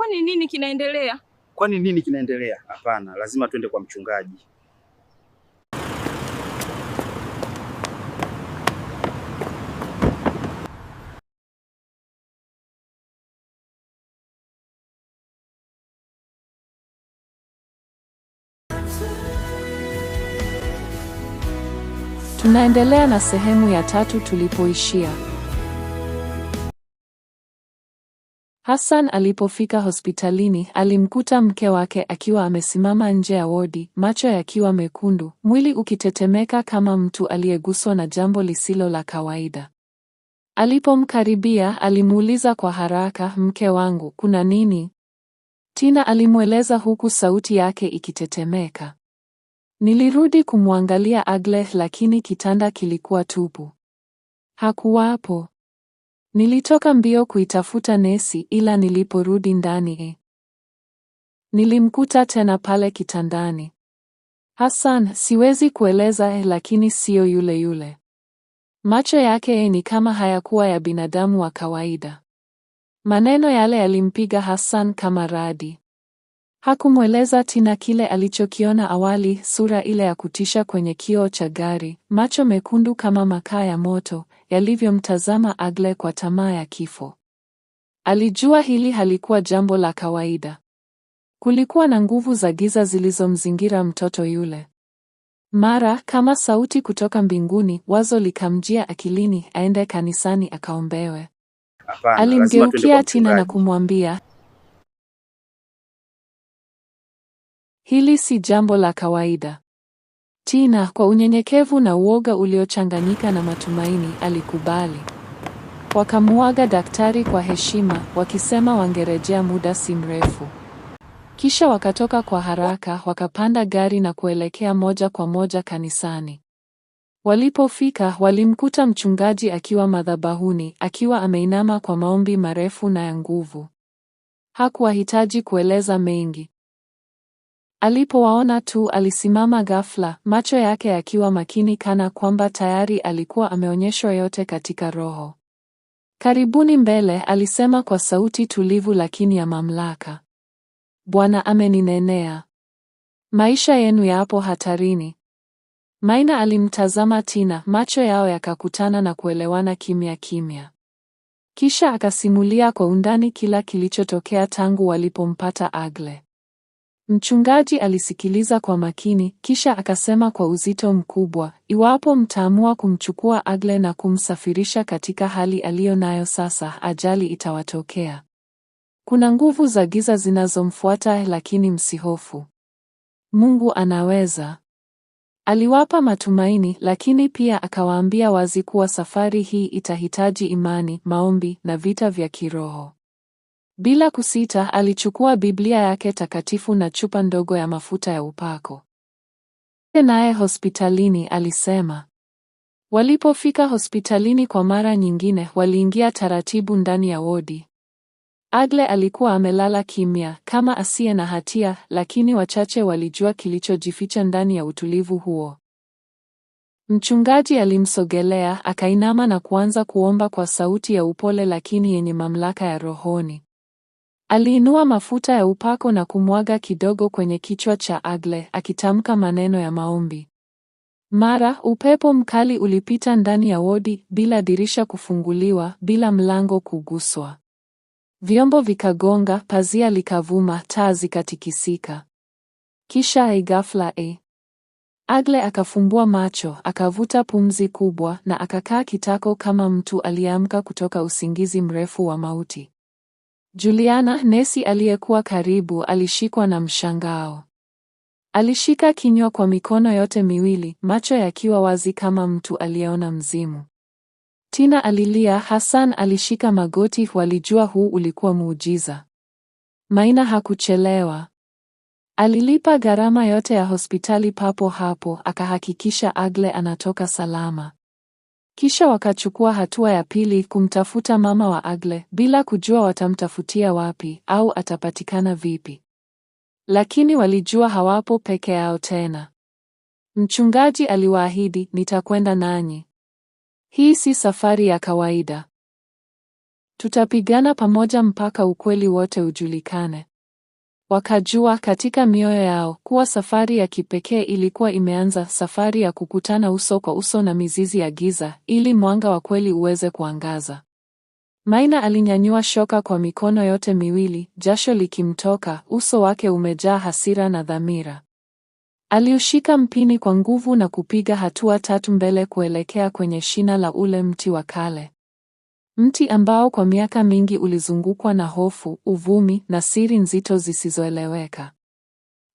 kwani nini kinaendelea? Kwani nini kinaendelea? Hapana, lazima tuende kwa mchungaji. Tunaendelea na sehemu ya tatu tulipoishia. Hassan alipofika hospitalini alimkuta mke wake akiwa amesimama nje ya wodi, macho yakiwa mekundu, mwili ukitetemeka kama mtu aliyeguswa na jambo lisilo la kawaida. Alipomkaribia alimuuliza kwa haraka, mke wangu, kuna nini? Tina alimweleza huku sauti yake ikitetemeka. Nilirudi kumwangalia Agle lakini kitanda kilikuwa tupu. Hakuwapo. Nilitoka mbio kuitafuta Nesi ila niliporudi ndani nilimkuta tena pale kitandani. Hassan, siwezi kueleza eh, lakini siyo yule yule. Macho yake ni kama hayakuwa ya binadamu wa kawaida. Maneno yale yalimpiga Hassan kama radi. Hakumweleza Tina kile alichokiona awali, sura ile ya kutisha kwenye kioo cha gari, macho mekundu kama makaa ya moto, yalivyomtazama Agle kwa tamaa ya kifo. Alijua hili halikuwa jambo la kawaida. Kulikuwa na nguvu za giza zilizomzingira mtoto yule. Mara kama sauti kutoka mbinguni, wazo likamjia akilini aende kanisani akaombewe. alimgeukia Tina na kumwambia, hili si jambo la kawaida. Tina kwa unyenyekevu na uoga uliochanganyika na matumaini alikubali. Wakamuaga daktari kwa heshima, wakisema wangerejea muda si mrefu. Kisha wakatoka kwa haraka, wakapanda gari na kuelekea moja kwa moja kanisani. Walipofika walimkuta mchungaji akiwa madhabahuni, akiwa ameinama kwa maombi marefu na ya nguvu. Hakuwahitaji kueleza mengi. Alipowaona tu alisimama ghafla, macho yake yakiwa makini kana kwamba tayari alikuwa ameonyeshwa yote katika roho. Karibuni mbele, alisema kwa sauti tulivu lakini ya mamlaka. Bwana ameninenea. Maisha yenu yapo hatarini. Maina alimtazama Tina, macho yao yakakutana na kuelewana kimya kimya. Kisha akasimulia kwa undani kila kilichotokea tangu walipompata Agle. Mchungaji alisikiliza kwa makini, kisha akasema kwa uzito mkubwa, iwapo mtaamua kumchukua Agle na kumsafirisha katika hali aliyo nayo sasa, ajali itawatokea. Kuna nguvu za giza zinazomfuata, lakini msihofu, Mungu anaweza. Aliwapa matumaini, lakini pia akawaambia wazi kuwa safari hii itahitaji imani, maombi na vita vya kiroho. Bila kusita, alichukua Biblia yake takatifu na chupa ndogo ya mafuta ya upako. Naye hospitalini alisema. Walipofika hospitalini kwa mara nyingine, waliingia taratibu ndani ya wodi. Agle alikuwa amelala kimya kama asiye na hatia, lakini wachache walijua kilichojificha ndani ya utulivu huo. Mchungaji alimsogelea, akainama na kuanza kuomba kwa sauti ya upole lakini yenye mamlaka ya rohoni. Aliinua mafuta ya upako na kumwaga kidogo kwenye kichwa cha Agle, akitamka maneno ya maombi. Mara upepo mkali ulipita ndani ya wodi, bila dirisha kufunguliwa, bila mlango kuguswa. Vyombo vikagonga, pazia likavuma, taa zikatikisika. Kisha e, ghafla e, Agle akafumbua macho, akavuta pumzi kubwa na akakaa kitako kama mtu aliyeamka kutoka usingizi mrefu wa mauti. Juliana, nesi aliyekuwa karibu, alishikwa na mshangao. Alishika kinywa kwa mikono yote miwili, macho yakiwa wazi kama mtu aliyeona mzimu. Tina alilia, Hassan alishika magoti, walijua huu ulikuwa muujiza. Maina hakuchelewa. Alilipa gharama yote ya hospitali papo hapo, akahakikisha Agle anatoka salama. Kisha wakachukua hatua ya pili kumtafuta mama wa Agle bila kujua watamtafutia wapi au atapatikana vipi. Lakini walijua hawapo peke yao tena. Mchungaji aliwaahidi, nitakwenda nanyi. Hii si safari ya kawaida. Tutapigana pamoja mpaka ukweli wote ujulikane. Wakajua katika mioyo yao kuwa safari ya kipekee ilikuwa imeanza, safari ya kukutana uso kwa uso na mizizi ya giza, ili mwanga wa kweli uweze kuangaza. Maina alinyanyua shoka kwa mikono yote miwili, jasho likimtoka, uso wake umejaa hasira na dhamira. Aliushika mpini kwa nguvu na kupiga hatua tatu mbele kuelekea kwenye shina la ule mti wa kale. Mti ambao kwa miaka mingi ulizungukwa na hofu, uvumi na siri nzito zisizoeleweka.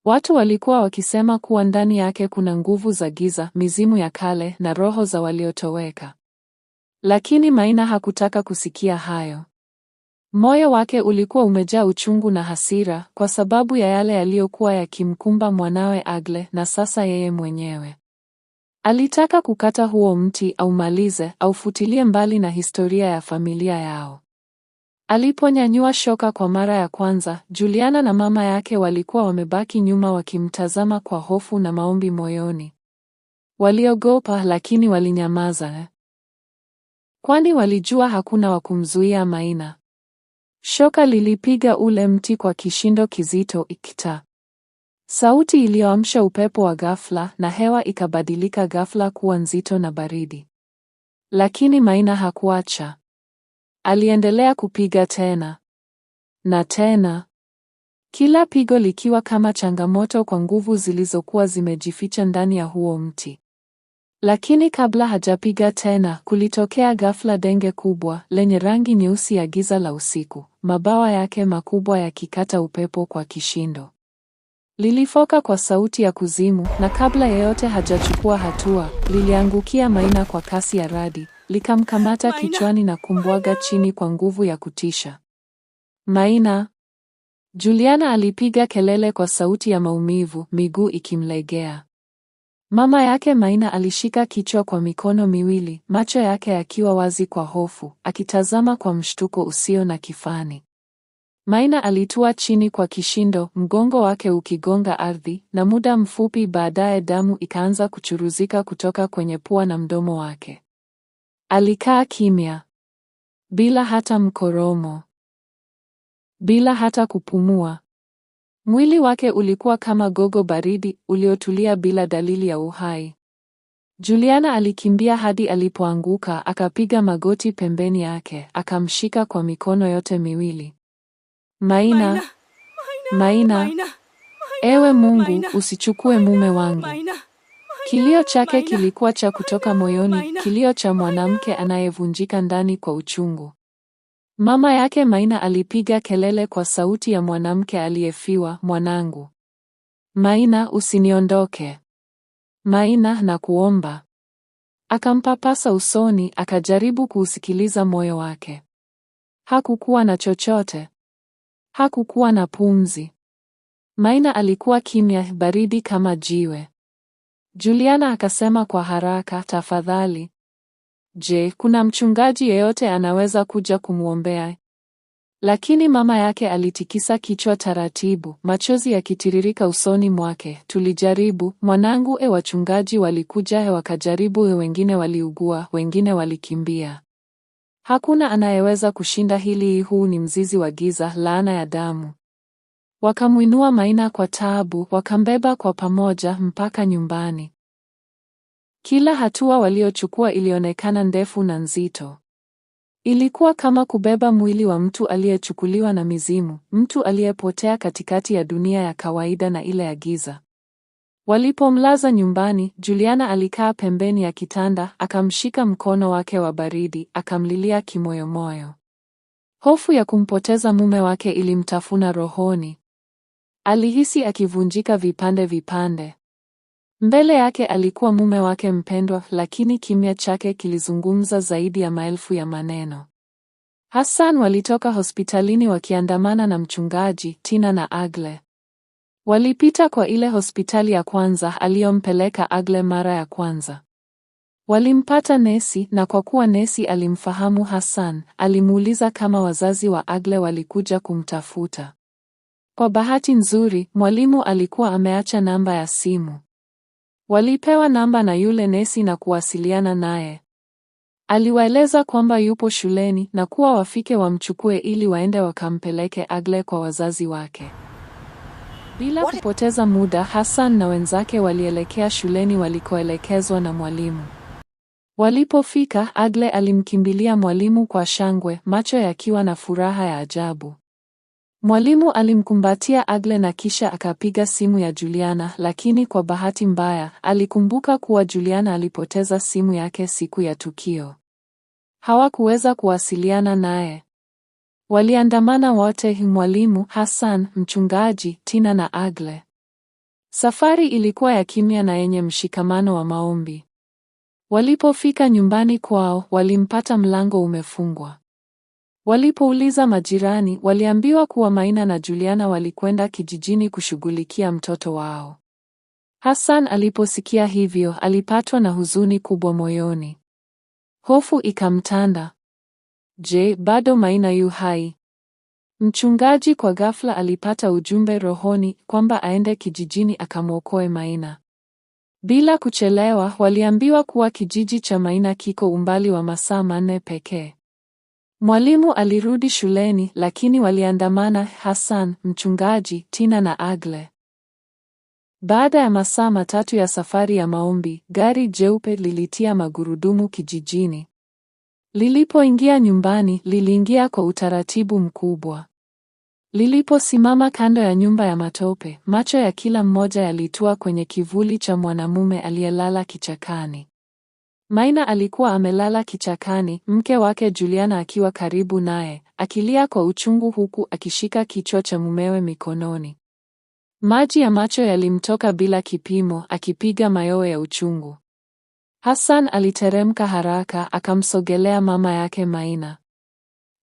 Watu walikuwa wakisema kuwa ndani yake kuna nguvu za giza, mizimu ya kale na roho za waliotoweka. Lakini Maina hakutaka kusikia hayo. Moyo wake ulikuwa umejaa uchungu na hasira kwa sababu ya yale yaliyokuwa yakimkumba mwanawe Agle na sasa yeye mwenyewe. Alitaka kukata huo mti aumalize, aufutilie mbali na historia ya familia yao. Aliponyanyua shoka kwa mara ya kwanza, Juliana na mama yake walikuwa wamebaki nyuma wakimtazama kwa hofu na maombi moyoni. Waliogopa lakini walinyamaza, kwani walijua hakuna wa kumzuia Maina. Shoka lilipiga ule mti kwa kishindo kizito, ikita Sauti iliyoamsha upepo wa ghafla na hewa ikabadilika ghafla kuwa nzito na baridi. Lakini Maina hakuacha. Aliendelea kupiga tena na tena, kila pigo likiwa kama changamoto kwa nguvu zilizokuwa zimejificha ndani ya huo mti. Lakini kabla hajapiga tena, kulitokea ghafla denge kubwa lenye rangi nyeusi ya giza la usiku, mabawa yake makubwa yakikata upepo kwa kishindo. Lilifoka kwa sauti ya kuzimu, na kabla yeyote hajachukua hatua, liliangukia Maina kwa kasi ya radi, likamkamata kichwani na kumbwaga chini kwa nguvu ya kutisha. Maina! Juliana alipiga kelele kwa sauti ya maumivu, miguu ikimlegea. Mama yake Maina alishika kichwa kwa mikono miwili, macho yake yakiwa wazi kwa hofu, akitazama kwa mshtuko usio na kifani. Maina alitua chini kwa kishindo, mgongo wake ukigonga ardhi, na muda mfupi baadaye damu ikaanza kuchuruzika kutoka kwenye pua na mdomo wake. Alikaa kimya, bila hata mkoromo, bila hata kupumua. Mwili wake ulikuwa kama gogo baridi uliotulia bila dalili ya uhai. Juliana alikimbia hadi alipoanguka, akapiga magoti pembeni yake, akamshika kwa mikono yote miwili. Maina, Maina, ewe Mungu usichukue mume wangu. Kilio chake kilikuwa cha kutoka moyoni, kilio cha mwanamke anayevunjika ndani kwa uchungu. Mama yake Maina alipiga kelele kwa sauti ya mwanamke aliyefiwa, mwanangu Maina, usiniondoke Maina, nakuomba. Akampapasa usoni, akajaribu kuusikiliza moyo wake. Hakukuwa na chochote. Hakukuwa na pumzi. Maina alikuwa kimya, baridi kama jiwe. Juliana akasema kwa haraka, tafadhali. Je, kuna mchungaji yeyote anaweza kuja kumwombea? Lakini mama yake alitikisa kichwa taratibu, machozi yakitiririka usoni mwake. Tulijaribu, mwanangu. E, wachungaji walikuja, e, wakajaribu, e, wengine waliugua, wengine walikimbia. Hakuna anayeweza kushinda hili. Huu ni mzizi wa giza, laana ya damu. Wakamwinua Maina kwa taabu, wakambeba kwa pamoja mpaka nyumbani. Kila hatua waliochukua ilionekana ndefu na nzito. Ilikuwa kama kubeba mwili wa mtu aliyechukuliwa na mizimu, mtu aliyepotea katikati ya dunia ya kawaida na ile ya giza. Walipomlaza nyumbani, Juliana alikaa pembeni ya kitanda, akamshika mkono wake wa baridi, akamlilia kimoyomoyo. Hofu ya kumpoteza mume wake ilimtafuna rohoni. Alihisi akivunjika vipande vipande. Mbele yake alikuwa mume wake mpendwa, lakini kimya chake kilizungumza zaidi ya maelfu ya maneno. Hassan walitoka hospitalini wakiandamana na mchungaji, Tina na Agle. Walipita kwa ile hospitali ya kwanza aliyompeleka Agle mara ya kwanza. Walimpata nesi na kwa kuwa nesi alimfahamu Hassan, alimuuliza kama wazazi wa Agle walikuja kumtafuta. Kwa bahati nzuri, mwalimu alikuwa ameacha namba ya simu. Walipewa namba na yule nesi na kuwasiliana naye. Aliwaeleza kwamba yupo shuleni na kuwa wafike wamchukue ili waende wakampeleke Agle kwa wazazi wake. Bila kupoteza muda, Hassan na wenzake walielekea shuleni walikoelekezwa na mwalimu. Walipofika, Agle alimkimbilia mwalimu kwa shangwe, macho yakiwa na furaha ya ajabu. Mwalimu alimkumbatia Agle na kisha akapiga simu ya Juliana, lakini kwa bahati mbaya, alikumbuka kuwa Juliana alipoteza simu yake siku ya tukio. Hawakuweza kuwasiliana naye. Waliandamana wote: mwalimu Hassan, mchungaji Tina na Agle. Safari ilikuwa ya kimya na yenye mshikamano wa maombi. Walipofika nyumbani kwao, walimpata mlango umefungwa. Walipouliza majirani, waliambiwa kuwa Maina na Juliana walikwenda kijijini kushughulikia mtoto wao. Hassan aliposikia hivyo, alipatwa na huzuni kubwa moyoni. Hofu ikamtanda. Je, bado Maina yu hai? Mchungaji kwa ghafla alipata ujumbe rohoni kwamba aende kijijini akamwokoe Maina. Bila kuchelewa, waliambiwa kuwa kijiji cha Maina kiko umbali wa masaa manne pekee. Mwalimu alirudi shuleni, lakini waliandamana Hassan, mchungaji, Tina na Agle. Baada ya masaa matatu ya safari ya maombi, gari jeupe lilitia magurudumu kijijini. Lilipoingia nyumbani, liliingia kwa utaratibu mkubwa. Liliposimama kando ya nyumba ya matope, macho ya kila mmoja yalitua kwenye kivuli cha mwanamume aliyelala kichakani. Maina alikuwa amelala kichakani, mke wake Juliana akiwa karibu naye, akilia kwa uchungu huku akishika kichwa cha mumewe mikononi. Maji ya macho yalimtoka bila kipimo, akipiga mayowe ya uchungu. Hassan aliteremka haraka akamsogelea mama yake Maina.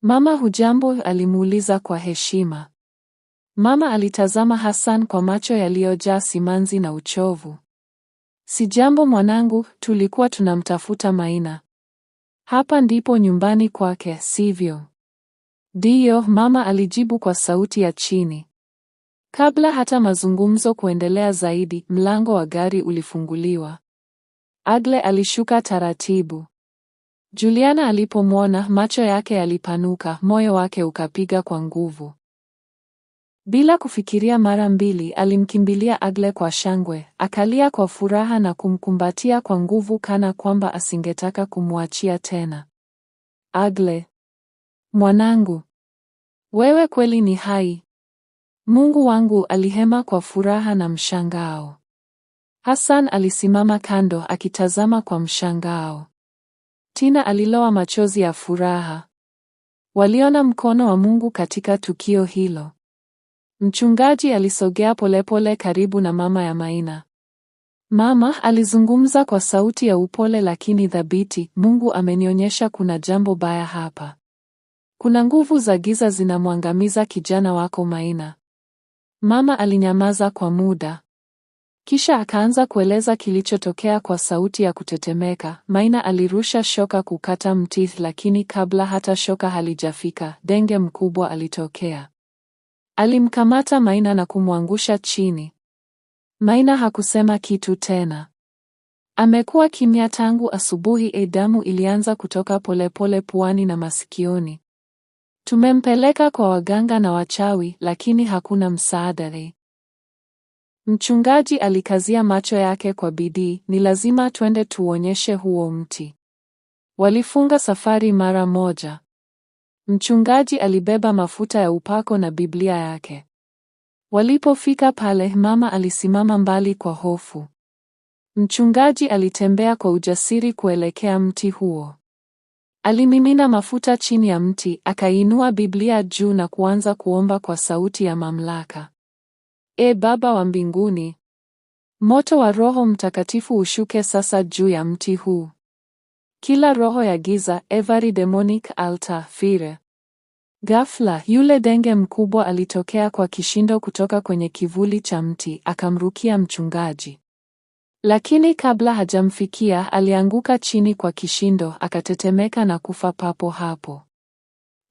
Mama hujambo? alimuuliza kwa heshima. Mama alitazama Hassan kwa macho yaliyojaa simanzi na uchovu. Sijambo mwanangu, tulikuwa tunamtafuta Maina. Hapa ndipo nyumbani kwake, sivyo? Ndiyo, mama alijibu kwa sauti ya chini. Kabla hata mazungumzo kuendelea zaidi, mlango wa gari ulifunguliwa. Agle alishuka taratibu. Juliana alipomwona, macho yake yalipanuka, moyo wake ukapiga kwa nguvu. Bila kufikiria mara mbili, alimkimbilia Agle kwa shangwe, akalia kwa furaha na kumkumbatia kwa nguvu kana kwamba asingetaka kumwachia tena. Agle, mwanangu, wewe kweli ni hai. Mungu wangu, alihema kwa furaha na mshangao. Hassan alisimama kando akitazama kwa mshangao. Tina aliloa machozi ya furaha. Waliona mkono wa Mungu katika tukio hilo. Mchungaji alisogea polepole karibu na mama ya Maina. Mama alizungumza kwa sauti ya upole lakini thabiti, Mungu amenionyesha kuna jambo baya hapa. Kuna nguvu za giza zinamwangamiza kijana wako Maina. Mama alinyamaza kwa muda. Kisha akaanza kueleza kilichotokea kwa sauti ya kutetemeka. Maina alirusha shoka kukata mti, lakini kabla hata shoka halijafika, denge mkubwa alitokea. Alimkamata Maina na kumwangusha chini. Maina hakusema kitu tena. Amekuwa kimya tangu asubuhi. Edamu ilianza kutoka polepole pole puani na masikioni. Tumempeleka kwa waganga na wachawi, lakini hakuna msaada. E. Mchungaji alikazia macho yake kwa bidii. Ni lazima twende tuonyeshe huo mti. Walifunga safari mara moja. Mchungaji alibeba mafuta ya upako na Biblia yake. Walipofika pale, mama alisimama mbali kwa hofu. Mchungaji alitembea kwa ujasiri kuelekea mti huo. Alimimina mafuta chini ya mti, akainua Biblia juu na kuanza kuomba kwa sauti ya mamlaka. E Baba wa mbinguni, moto wa Roho Mtakatifu ushuke sasa juu ya mti huu. Kila roho ya giza, every demonic altar, fire. Ghafla yule denge mkubwa alitokea kwa kishindo kutoka kwenye kivuli cha mti, akamrukia mchungaji. Lakini kabla hajamfikia, alianguka chini kwa kishindo, akatetemeka na kufa papo hapo.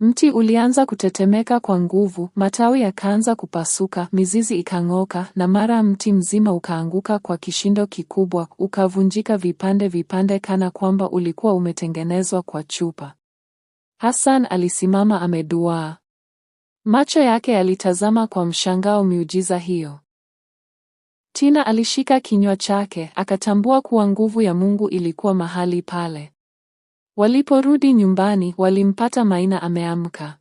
Mti ulianza kutetemeka kwa nguvu, matawi yakaanza kupasuka, mizizi ikang'oka, na mara mti mzima ukaanguka kwa kishindo kikubwa, ukavunjika vipande vipande, kana kwamba ulikuwa umetengenezwa kwa chupa. Hassan alisimama ameduaa, macho yake yalitazama kwa mshangao miujiza hiyo. Tina alishika kinywa chake, akatambua kuwa nguvu ya Mungu ilikuwa mahali pale. Waliporudi nyumbani, walimpata Maina ameamka.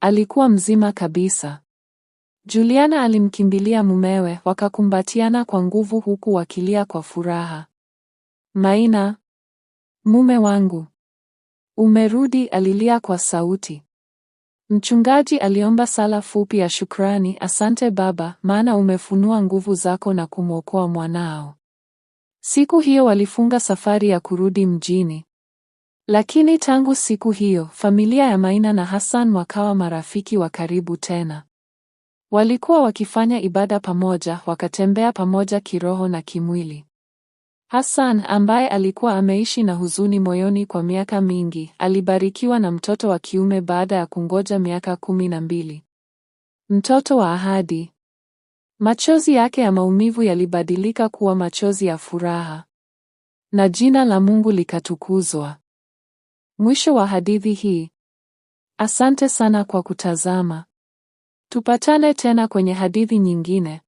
Alikuwa mzima kabisa. Juliana alimkimbilia mumewe, wakakumbatiana kwa nguvu huku wakilia kwa furaha. Maina, mume wangu, umerudi, alilia kwa sauti. Mchungaji aliomba sala fupi ya shukrani, asante Baba, maana umefunua nguvu zako na kumwokoa mwanao. Siku hiyo walifunga safari ya kurudi mjini. Lakini tangu siku hiyo, familia ya Maina na Hassan wakawa marafiki wa karibu tena. Walikuwa wakifanya ibada pamoja, wakatembea pamoja kiroho na kimwili. Hassan ambaye alikuwa ameishi na huzuni moyoni kwa miaka mingi, alibarikiwa na mtoto wa kiume baada ya kungoja miaka kumi na mbili. Mtoto wa ahadi. Machozi yake ya maumivu yalibadilika kuwa machozi ya furaha. Na jina la Mungu likatukuzwa. Mwisho wa hadithi hii. Asante sana kwa kutazama. Tupatane tena kwenye hadithi nyingine.